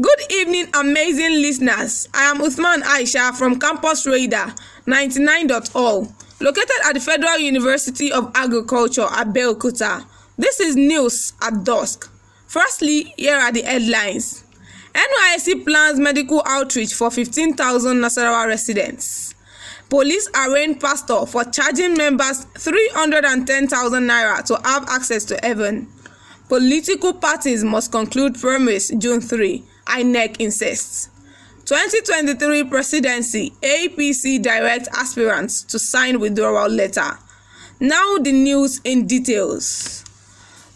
Good evening, amazing listeners. I am Uthman Aisha from Campus Radar 99.all, located at the Federal University of Agriculture, Abeokuta. This is news at dusk. Firstly, here are the headlines. NYSC plans medical outreach for 15,000 Nasarawa residents. Police arraigned pastor for charging members 310,000 naira to have access to heaven. Political parties must conclude primaries June 3. INEC insists. 2023 presidency APC direct aspirants to sign withdrawal letter. Now the news in details.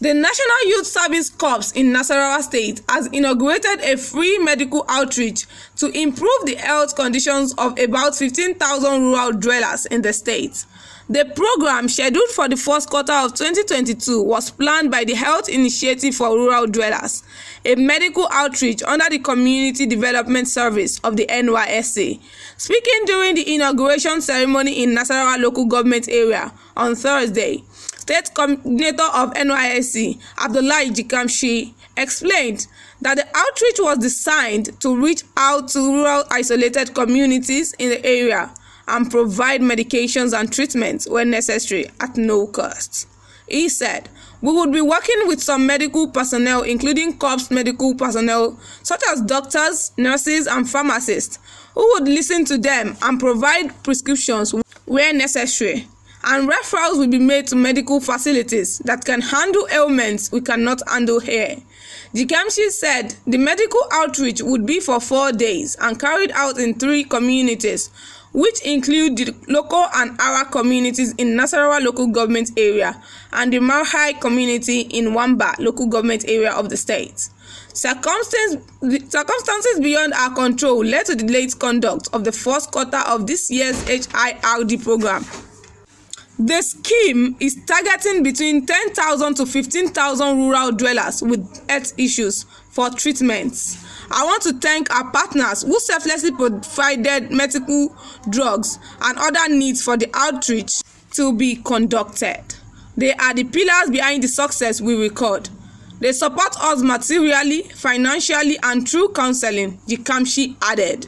The National Youth Service Corps in Nasarawa State has inaugurated a free medical outreach to improve the health conditions of about 15,000 rural dwellers in the state. The program, scheduled for the first quarter of 2022, was planned by the Health Initiative for Rural Dwellers, a medical outreach under the Community Development Service of the NYSA. Speaking during the inauguration ceremony in Nasarawa local government area on Thursday, State Coordinator of NYSC, Abdullahi Jikamshi, explained that the outreach was designed to reach out to rural isolated communities in the area and provide medications and treatments when necessary at no cost. He said, We would be working with some medical personnel, including COPS medical personnel, such as doctors, nurses, and pharmacists, who would listen to them and provide prescriptions where necessary. And referrals will be made to medical facilities that can handle ailments we cannot handle here. Jikamshi said the medical outreach would be for four days and carried out in three communities which include the local and Awa communities in Nasarawa local government area and the Malhai community in Wamba local government area of the state. Circumstance, circumstances beyond our control led to the late conduct of the first quarter of this year's HIRD program. The scheme is targeting between 10,000 to 15,000 rural dwellers with health issues for treatments. I want to thank our partners who selflessly provided medical drugs and other needs for the outreach to be conducted. They are the pillars behind the success we record. They support us materially, financially, and through counseling, the Kamshi added.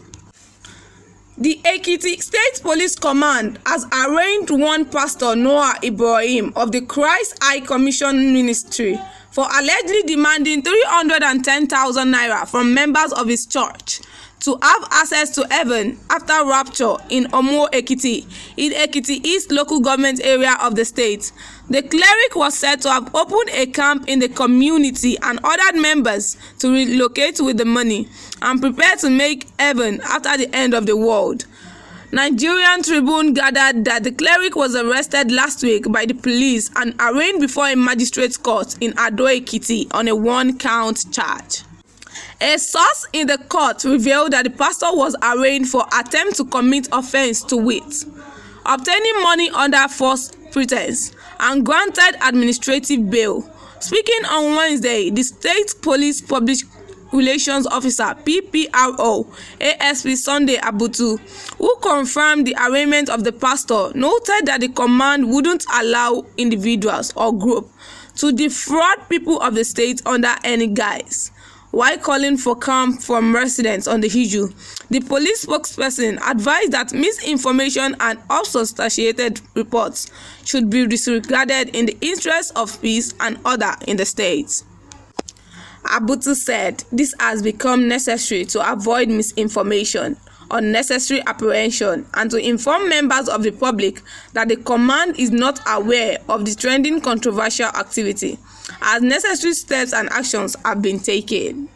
The Ekiti State Police Command has arraigned one pastor Noah Ibrahim of the Christ High Commission Ministry for allegedly demanding 310,000 naira from members of his church to have access to heaven after rapture in Omo Ekiti, in Ekiti East local government area of the state. The cleric was said to have opened a camp in the community and ordered members to relocate with the money and prepare to make heaven after the end of the world. Nigerian Tribune gathered that the cleric was arrested last week by the police and arraigned before a magistrate's court in Ado-Ekiti on a one-count charge. A source in the court revealed that the pastor was arraigned for attempt to commit offense to wit, obtaining money under false pretense, and granted administrative bail. Speaking on Wednesday, the state police published Relations Officer (PPRO) ASP Sunday Abutu, who confirmed the arraignment of the pastor, noted that the command wouldn't allow individuals or group to defraud people of the state under any guise. While calling for calm from residents on the issue, the police spokesperson advised that misinformation and unsubstantiated reports should be disregarded in the interest of peace and order in the state. Abutu said this has become necessary to avoid misinformation, unnecessary apprehension, and to inform members of the public that the command is not aware of the trending controversial activity, as necessary steps and actions have been taken.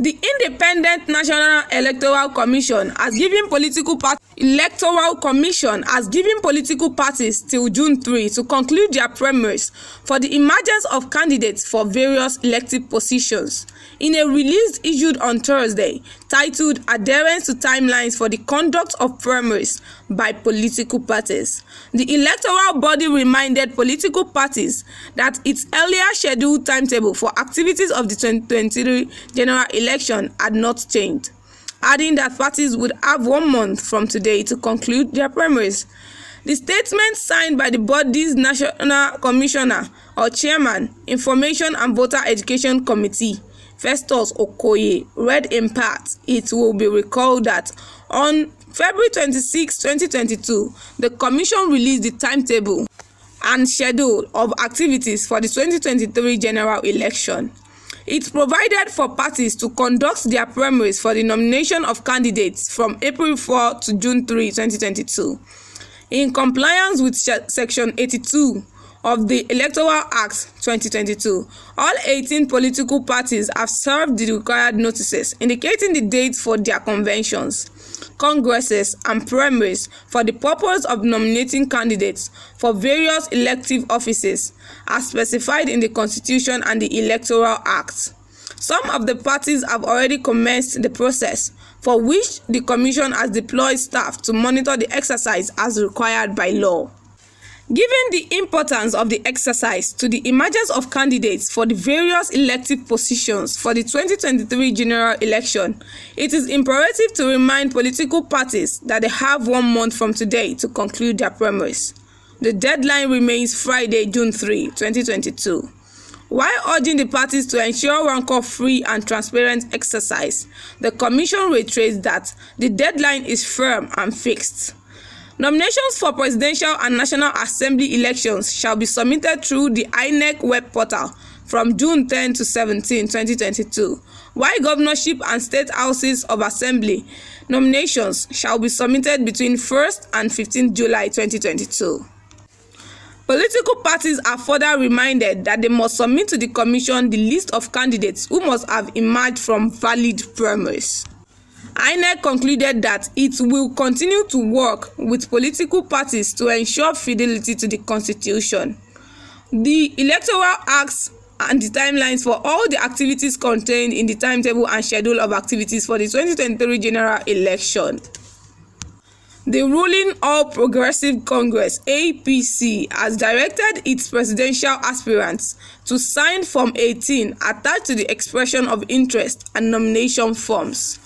The Independent National Electoral Commission has given political parties Electoral Commission has given political parties till June 3 to conclude their primaries for the emergence of candidates for various elective positions. In a release issued on Thursday titled Adherence to Timelines for the Conduct of Primaries by Political Parties, the electoral body reminded political parties that its earlier scheduled timetable for activities of the 2023 general election had not changed adding that parties would have one month from today to conclude their primaries. The statement signed by the body's national commissioner or chairman, Information and Voter Education Committee, Festus Okoye, read in part. It will be recalled that on February 26, 2022, the Commission released the timetable and schedule of activities for the 2023 general election. It provided for parties to conduct their primaries for the nomination of candidates from April 4 to June 3, 2022. In compliance with Section 82 of the Electoral Act 2022, all 18 political parties have served the required notices indicating the dates for their conventions congresses and primaries for the purpose of nominating candidates for various elective offices as specified in the Constitution and the Electoral Act. Some of the parties have already commenced the process, for which the Commission has deployed staff to monitor the exercise as required by law. Given the importance of the exercise to the emergence of candidates for the various elective positions for the 2023 general election, it is imperative to remind political parties that they have one month from today to conclude their primaries. The deadline remains Friday, June 3, 2022. While urging the parties to ensure rancor free and transparent exercise, the Commission reiterates that the deadline is firm and fixed. Nominations for presidential and national assembly elections shall be submitted through the INEC web portal from June 10 to 17, 2022, while governorship and state houses of assembly nominations shall be submitted between 1st and 15 July 2022. Political parties are further reminded that they must submit to the Commission the list of candidates who must have emerged from valid primaries. INEC concluded that it will continue to work with political parties to ensure fidelity to the constitution. The Electoral Acts and the timelines for all the activities contained in the timetable and schedule of activities for the 2023 general election. The ruling All Progressive Congress APC has directed its presidential aspirants to sign Form 18 attached to the expression of interest and nomination forms.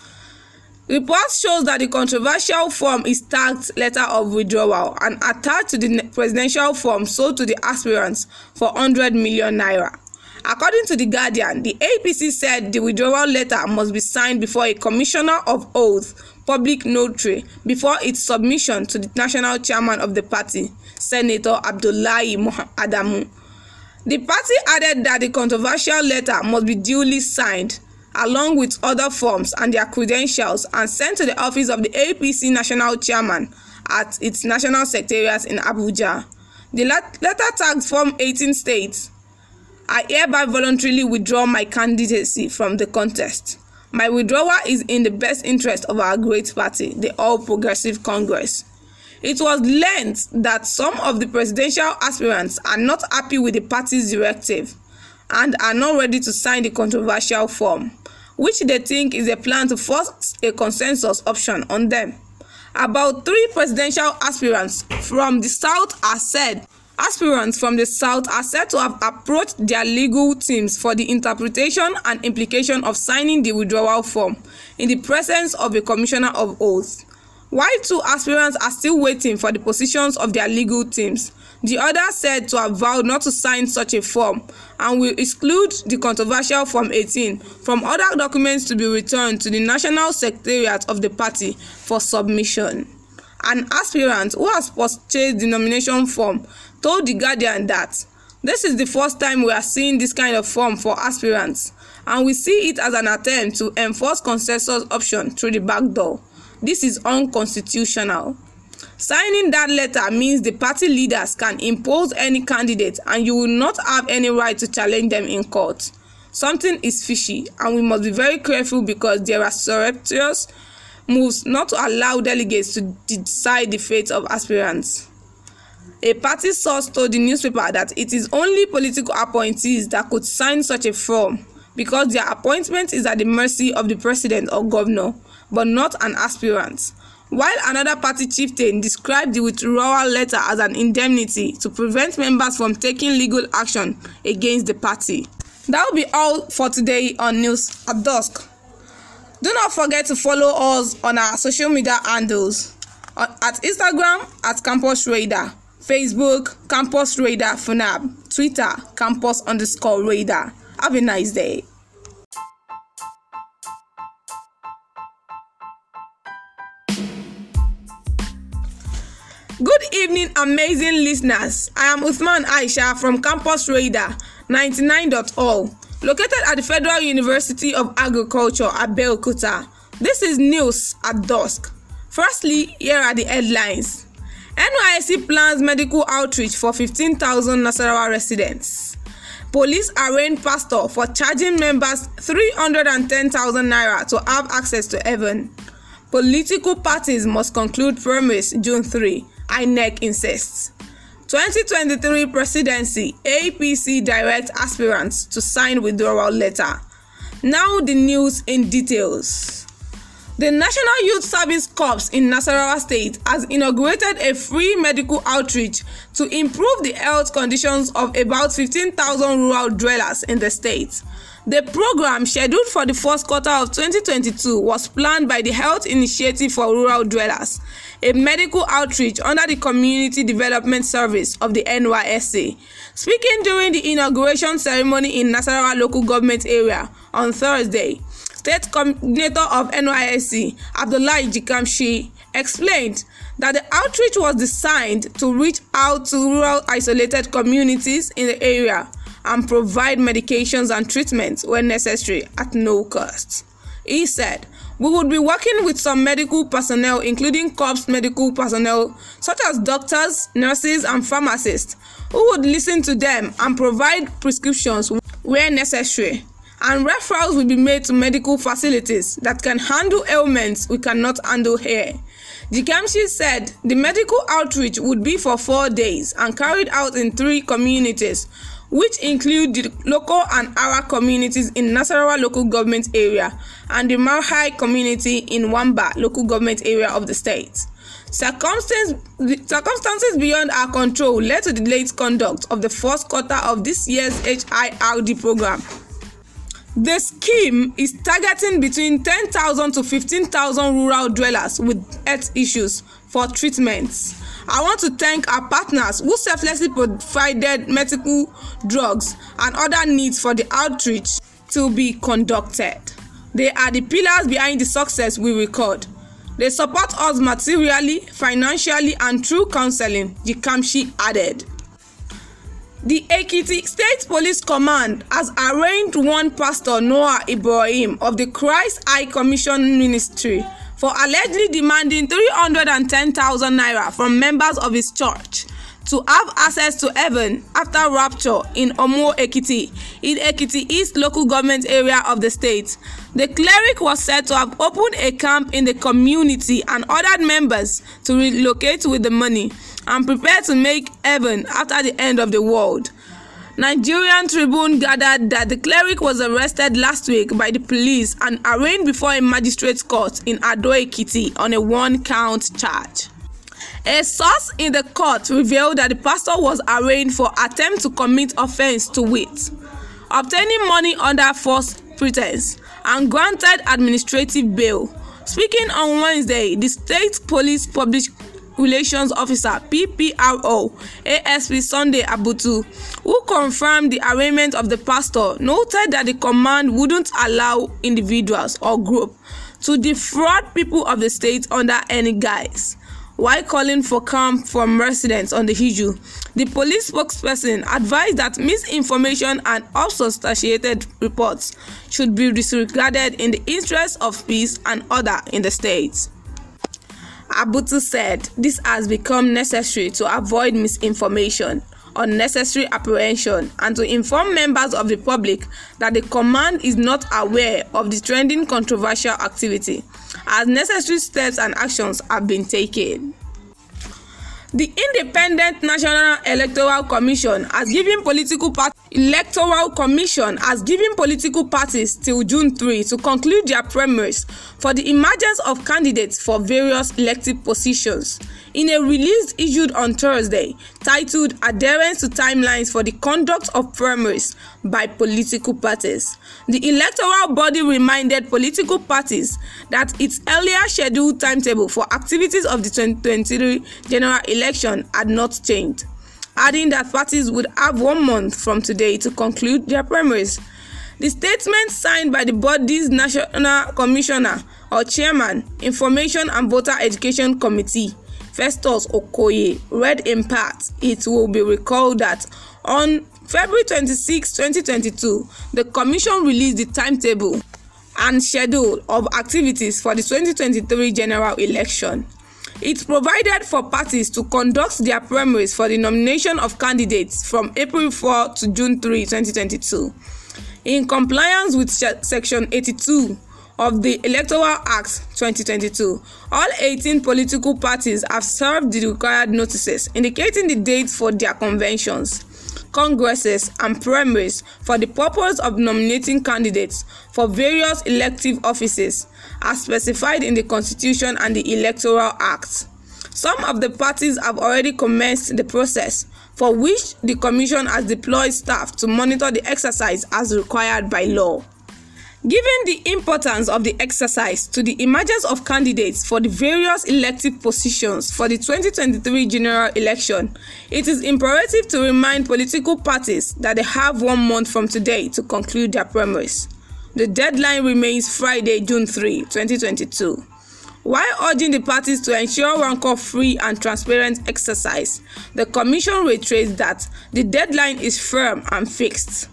Reports show that the controversial form is tagged letter of withdrawal and attached to the presidential form sold to the aspirants for 100 million naira. According to The Guardian, the APC said the withdrawal letter must be signed before a commissioner of oath, public notary, before its submission to the national chairman of the party, Senator Abdullahi Adamu. The party added that the controversial letter must be duly signed along with other forms and their credentials and sent to the office of the APC national chairman at its national secretariat in Abuja. The letter tagged Form 18 states, I hereby voluntarily withdraw my candidacy from the contest. My withdrawal is in the best interest of our great party, the All Progressive Congress. It was learned that some of the presidential aspirants are not happy with the party's directive and are not ready to sign the controversial form which they think is a plan to force a consensus option on them. About three presidential aspirants from the South are said aspirants from the South are said to have approached their legal teams for the interpretation and implication of signing the withdrawal form in the presence of a commissioner of oaths. While two aspirants are still waiting for the positions of their legal teams, The other said to have vowed not to sign such a form and will exclude the controversial Form 18 from other documents to be returned to the National Secretariat of the party for submission. An aspirant who has purchased the nomination form told The Guardian that this is the first time we are seeing this kind of form for aspirants, and we see it as an attempt to enforce consensus option through the back door. This is unconstitutional. Signing that letter means the party leaders can impose any candidate and you will not have any right to challenge them in court. Something is fishy and we must be very careful because there are surreptitious moves not to allow delegates to decide the fate of aspirants. A party source told the newspaper that it is only political appointees that could sign such a form because their appointment is at the mercy of the president or governor, but not an aspirant while another party chieftain described the withdrawal letter as an indemnity to prevent members from taking legal action against the party. That will be all for today on News at Dusk. Do not forget to follow us on our social media handles uh, at Instagram at Campus Radar, Facebook Campus Radar FUNAB, Twitter Campus underscore Radar. Have a nice day. Good evening, amazing listeners. I am Uthman Aisha from Campus Radar 99.all, located at the Federal University of Agriculture, Abeokuta. This is news at dusk. Firstly, here are the headlines. NYSC plans medical outreach for 15,000 Nasarawa residents. Police arraigned pastor for charging members 310,000 naira to have access to heaven. Political parties must conclude primaries June 3. INEC insists. 2023 presidency APC direct aspirants to sign withdrawal letter. Now the news in details. The National Youth Service Corps in Nasarawa State has inaugurated a free medical outreach to improve the health conditions of about 15,000 rural dwellers in the state. The program, scheduled for the first quarter of 2022, was planned by the Health Initiative for Rural Dwellers, a medical outreach under the Community Development Service of the NYSA. Speaking during the inauguration ceremony in Nasarawa local government area on Thursday, State Coordinator of NYSC, Abdullahi Jikamshi, explained that the outreach was designed to reach out to rural isolated communities in the area and provide medications and treatments when necessary at no cost. He said, We would be working with some medical personnel, including COPS medical personnel, such as doctors, nurses, and pharmacists, who would listen to them and provide prescriptions where necessary. And referrals will be made to medical facilities that can handle ailments we cannot handle here. Jikamshi said the medical outreach would be for four days and carried out in three communities which include the local and Awa communities in Nasarawa local government area and the Malhai community in Wamba local government area of the state. Circumstance, circumstances beyond our control led to the late conduct of the first quarter of this year's HIRD program. The scheme is targeting between 10,000 to 15,000 rural dwellers with health issues for treatments. I want to thank our partners who selflessly provided medical drugs and other needs for the outreach to be conducted. They are the pillars behind the success we record. They support us materially, financially, and through counseling, Jikamshi added. The Ekiti State Police Command has arraigned one pastor Noah Ibrahim of the Christ High Commission Ministry for allegedly demanding 310,000 naira from members of his church to have access to heaven after rapture in Omo Ekiti, in Ekiti East local government area of the state. The cleric was said to have opened a camp in the community and ordered members to relocate with the money and prepare to make heaven after the end of the world. Nigerian Tribune gathered that the cleric was arrested last week by the police and arraigned before a magistrate's court in Ado-Ekiti on a one-count charge. A source in the court revealed that the pastor was arraigned for attempt to commit offense to wit, obtaining money under false pretense, and granted administrative bail. Speaking on Wednesday, the state police published Relations Officer PPRO ASP Sunday Abutu, who confirmed the arraignment of the pastor, noted that the command wouldn't allow individuals or group to defraud people of the state under any guise. While calling for calm from residents on the issue, the police spokesperson advised that misinformation and unsubstantiated reports should be disregarded in the interest of peace and order in the state. Abutu said this has become necessary to avoid misinformation, unnecessary apprehension, and to inform members of the public that the command is not aware of the trending controversial activity, as necessary steps and actions have been taken. The Independent National Electoral Commission has given political parties Electoral Commission has given political parties till June three to conclude their primaries for the emergence of candidates for various elective positions. In a release issued on Thursday titled Adherence to Timelines for the Conduct of Primaries by Political Parties, the electoral body reminded political parties that its earlier scheduled timetable for activities of the 2023 general election had not changed, adding that parties would have one month from today to conclude their primaries. The statement signed by the body's national commissioner or chairman, Information and Voter Education Committee Festus Okoye read in part, it will be recalled that on February 26, 2022, the Commission released the timetable and schedule of activities for the 2023 general election. It provided for parties to conduct their primaries for the nomination of candidates from April 4 to June 3, 2022. In compliance with Section 82 of the Electoral Act 2022. All 18 political parties have served the required notices indicating the date for their conventions, congresses, and primaries for the purpose of nominating candidates for various elective offices as specified in the Constitution and the Electoral Act. Some of the parties have already commenced the process, for which the Commission has deployed staff to monitor the exercise as required by law. Given the importance of the exercise to the emergence of candidates for the various elective positions for the 2023 general election, it is imperative to remind political parties that they have one month from today to conclude their primaries. The deadline remains Friday, June 3, 2022. While urging the parties to ensure rancor free and transparent exercise, the Commission reiterates that the deadline is firm and fixed.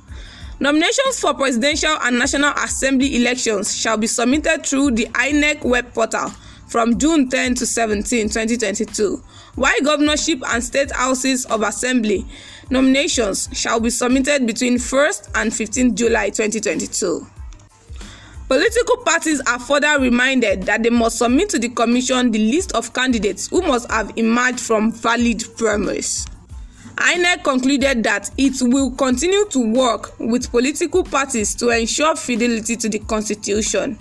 Nominations for presidential and national assembly elections shall be submitted through the INEC web portal from June 10 to 17, 2022, while governorship and state houses of assembly nominations shall be submitted between 1st and 15 July 2022. Political parties are further reminded that they must submit to the Commission the list of candidates who must have emerged from valid primaries. INEC concluded that it will continue to work with political parties to ensure fidelity to the constitution.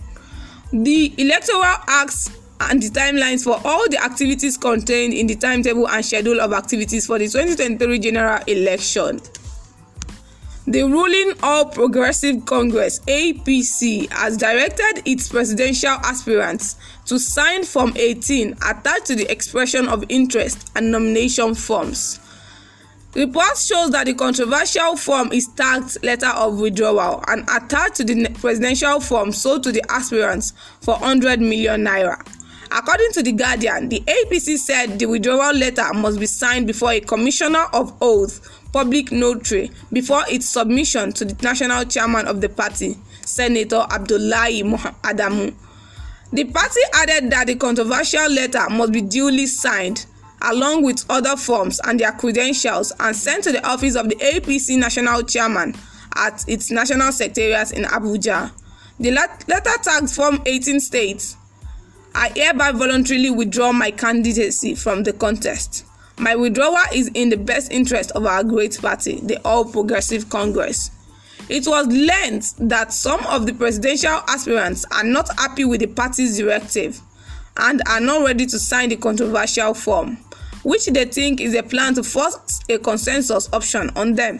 The Electoral Acts and the timelines for all the activities contained in the timetable and schedule of activities for the 2023 general election. The ruling All Progressive Congress APC has directed its presidential aspirants to sign Form 18 attached to the expression of interest and nomination forms. Reports show that the controversial form is tagged letter of withdrawal and attached to the presidential form sold to the aspirants for 100 million naira. According to The Guardian, the APC said the withdrawal letter must be signed before a commissioner of oath, public notary, before its submission to the national chairman of the party, Senator Abdullahi Adamu. The party added that the controversial letter must be duly signed along with other forms and their credentials and sent to the office of the APC national chairman at its national secretariat in Abuja. The letter tagged Form 18 states, I hereby voluntarily withdraw my candidacy from the contest. My withdrawal is in the best interest of our great party, the All Progressive Congress. It was learned that some of the presidential aspirants are not happy with the party's directive and are not ready to sign the controversial form which they think is a plan to force a consensus option on them.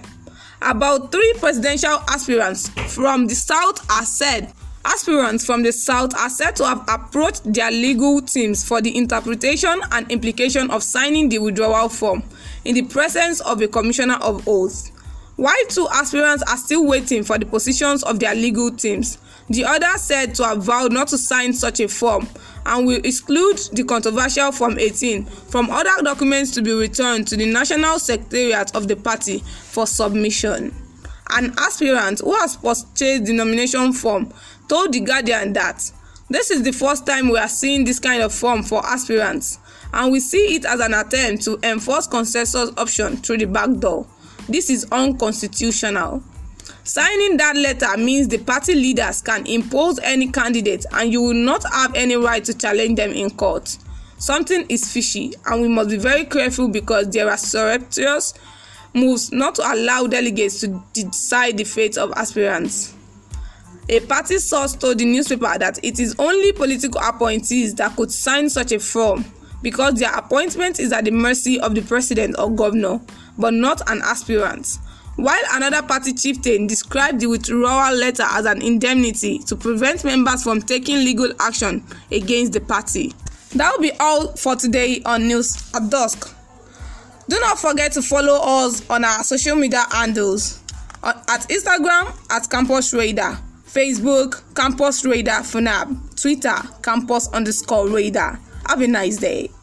About three presidential aspirants from the South are said aspirants from the South are said to have approached their legal teams for the interpretation and implication of signing the withdrawal form in the presence of a commissioner of oaths. While two aspirants are still waiting for the positions of their legal teams, The other said to have vowed not to sign such a form and will exclude the controversial Form 18 from other documents to be returned to the National Secretariat of the party for submission. An aspirant who has purchased the nomination form told The Guardian that this is the first time we are seeing this kind of form for aspirants, and we see it as an attempt to enforce consensus option through the back door. This is unconstitutional. Signing that letter means the party leaders can impose any candidate and you will not have any right to challenge them in court. Something is fishy and we must be very careful because there are surreptitious moves not to allow delegates to decide the fate of aspirants. A party source told the newspaper that it is only political appointees that could sign such a form because their appointment is at the mercy of the president or governor, but not an aspirant while another party chieftain described the withdrawal letter as an indemnity to prevent members from taking legal action against the party. That will be all for today on News at Dusk. Do not forget to follow us on our social media handles uh, at Instagram at Campus Radar, Facebook Campus Radar FUNAB, Twitter Campus underscore Radar. Have a nice day.